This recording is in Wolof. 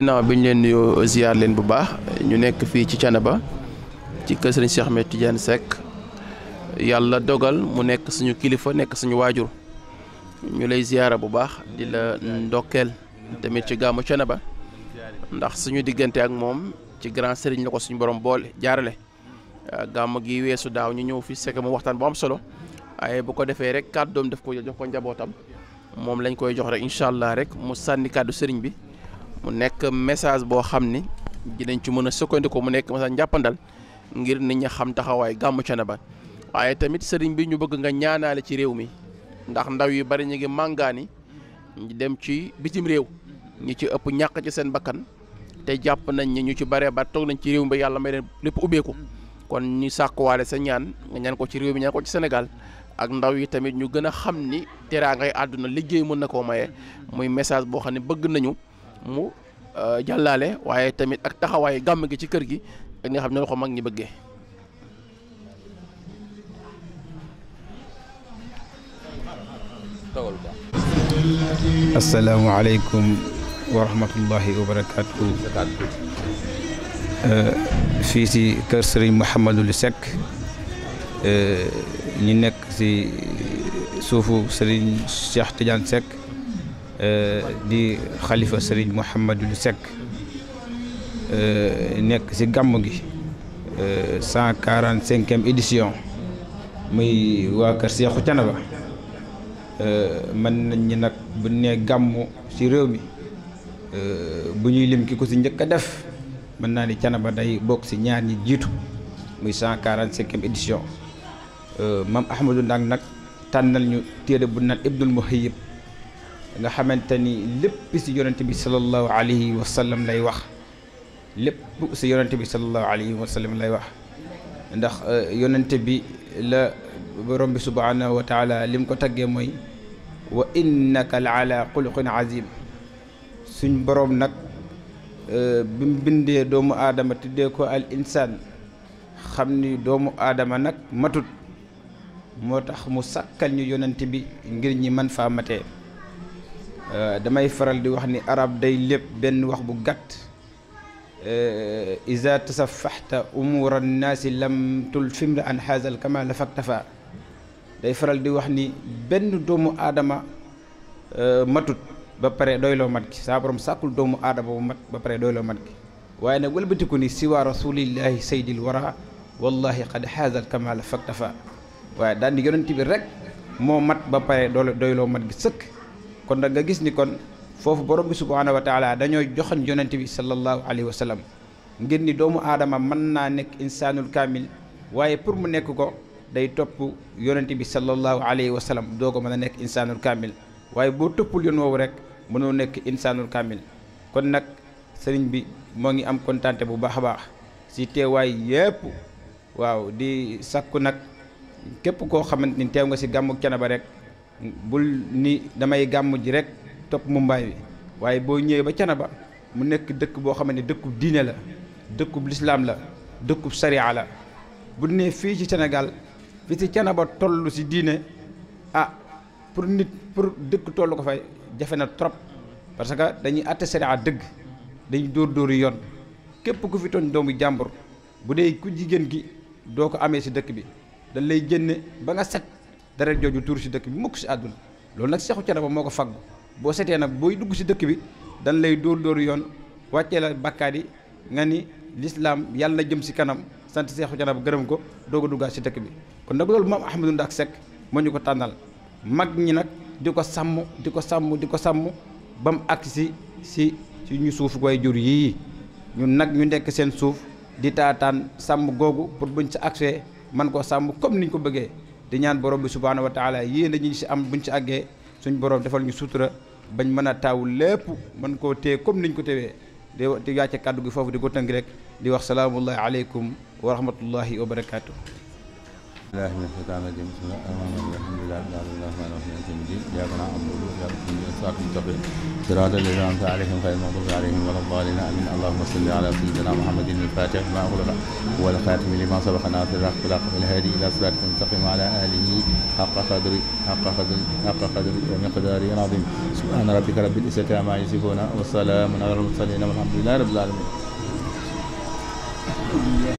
ginnaaw bi ñu leen nuyoo ziar leen bu baax ñu nekk fii ci Thiénaba ci kër Serigne Cheikh Ahmed Tidiane Seck yàlla dogal mu nekk suñu kilifa nekk suñu waajur ñu lay ziara bu baax di la ndokkeel tamit ci gàmmu Thiénaba ndax suñu diggante ak moom ci grand Serigne la ko suñu borom boole jaarale ah, gàmm gi weesu daaw ñu ñëw fi sekk mu waxtaan bu am solo waaye bu ko defee rek kàddoom daf ko jox ko njabootam moom lañ koy jox rek incha allah rek mu sànni kàddu Serigne bi. mu nekk message boo xam ni dinañ ci mën a sukkandiku mu nekk message njàppandal ngir nit ñi xam taxawaay gàmmu ba waaye tamit sëriñ bi ñu bëgg nga ñaanaale ci réew mi ndax ndaw yu bari ñu ngi màngaani ñu dem ci bitim réew ñi ci ëpp ñàkk ci seen bakkan te jàpp nañ ñi ñu ci bare ba toog nañ ci réew mi ba yàlla may leen lépp ubbeeku kon ñu sàkkuwaale sa ñaan nga ñaan ko ci réew mi ñaan ko ci Sénégal ak ndaw yi tamit ñu gën a xam ni teraangay àdduna liggéey mën na koo maye muy message boo xam ne bëgg nañu mu jàllaale waaye tamit ak taxawaayu gàmm gi ci kër gi ak nga xam ne la ko mag ñi bëggee assalaamu aleykum wa rahmatullahi wa barakaatu fii ci kër Serigne Mouhamadou Seck ñu nekk ci suufu Serigne Cheikh Tidiane Seck Euh, di xalifa sëriñ Mouhamadou Seck euh, nekk ci gàmm gi euh, cent quarante cinquième édition muy waa kër Seexu Canaba mën nañ ñi nag bu ne gàmmu ci réew mi bu ñuy lim ki ko ci njëkk a def mën naa ni Canaba day bokk ci ñaar ñi jiitu muy cent quarante cinquième édition maam Ahmadou Ndang nag tànnal ñu téere bu naan Ibnul Muhayyib nga xamante ni lépp si yonent bi sallallahu alayhi wa sallam lay wax lépp si yonent bi sallallahu alayhi wa sallam lay wax ndax yonent bi la borom bi subhanahu wa taala lim ko taggee mooy wa innaka la ala xuluqin azim suñ borom nag bi mu bindee doomu aadama tuddee ko al insaan xam ni doomu aadama nag matut moo tax mu sàkkal ñu yonent bi ngir ñi mën faa matee damay faral di wax ni arab day lépp benn wax bu gàtt ida tasafaxta umuura annaasi lam tulfim la an xaasal kama la faktafa day faral di wax ni benn doomu aadama matut ba pare doyloo mat gi saa borom sàkkul doomu aadama bu mat ba pare doyloo mat gi waaye nag wëlbatiku ni siwa rasulillahi saydil wara wallahi qad xaasal kama la faktafa waaye daan di yonent bi rek moo mat ba pare doyloo mat gi sëkk kon nag nga gis ni kon foofu borom bi subhaanahu wa dañoo joxoon yonente bi sallallahu alayhi wa sallam ngir ni doomu aadama mën naa nekk insaanul kaamil waaye pour mu nekk ko day topp yonente bi sallallahu alayhi wa sallam doo ko mën a nekk insaanul kaamil waaye boo toppul yoon woowu rek mënoo nekk insaanul kaamil kon nag sëriñ bi moo ngi am kontaante bu baax a baax si teewaay yépp waaw di sakku nag képp koo xamante ni teew nga si gàmmu Thiénaba rek bul ni damay gàmm ji rek topp mbaay bi waaye boo ñëwee ba Canaba mu nekk dëkk boo xam ne dëkkub diine la dëkkub lislaam la dëkkub sariya la bu nee fii ci senegal fi ci Canaba toll si diine ah pour nit pour dëkk tollu ko fay jafe na trop parce que dañuy àtte sariya dëgg dañuy dóor dóori yoon képp ku fi tooñ doomu jàmbur bu dee ku jigéen gi doo ko amee si dëkk bi dañ lay ba nga set dara joju tour ci dekk bi mukk ci aduna lool nak Seexu Canaba moo moko faggu bo sété nak boy dugg ci dekk bi dañ lay dor dor yoon wàccee la bàkkaar yi nga ni lislaam yàlla jëm si kanam sant Seexu Canaba gërem ko dogu dugga ci dekk bi kon nak lool mam Ahmadou ndak sek moñu ko tanal mag ñi nak di ko diko di diko sàmm di ko si si ñu suuf way jur yi ñun nak ñu nek seen suuf di taatan sam googu pour buñ ci accès man ko samu comme niñ ko bëggee di ñaan borom bi subhaanahu wa taala yéen dañuy si am buñ si àggee suñ borom defal ñu sutura bañ mën a taaw lépp mën koo téye comme ni niñ ko téwee di di wàcce kàddu gi foofu di ko tënk rek di wax salaamullahi aleykum wa rahmatullahi wa barakaatu. الله من الشيطان الرجيم اللهم صل على سيدنا محمد الفاتح لما اغلق والخاتم لما سبق ناصر الحق الهادي الى صراطك المستقيم وعلى اله حق قدري حق قدري حق قدري ومقداري العظيم سبحان ربك رب العزه عما يصفون وسلام على المرسلين والحمد لله رب العالمين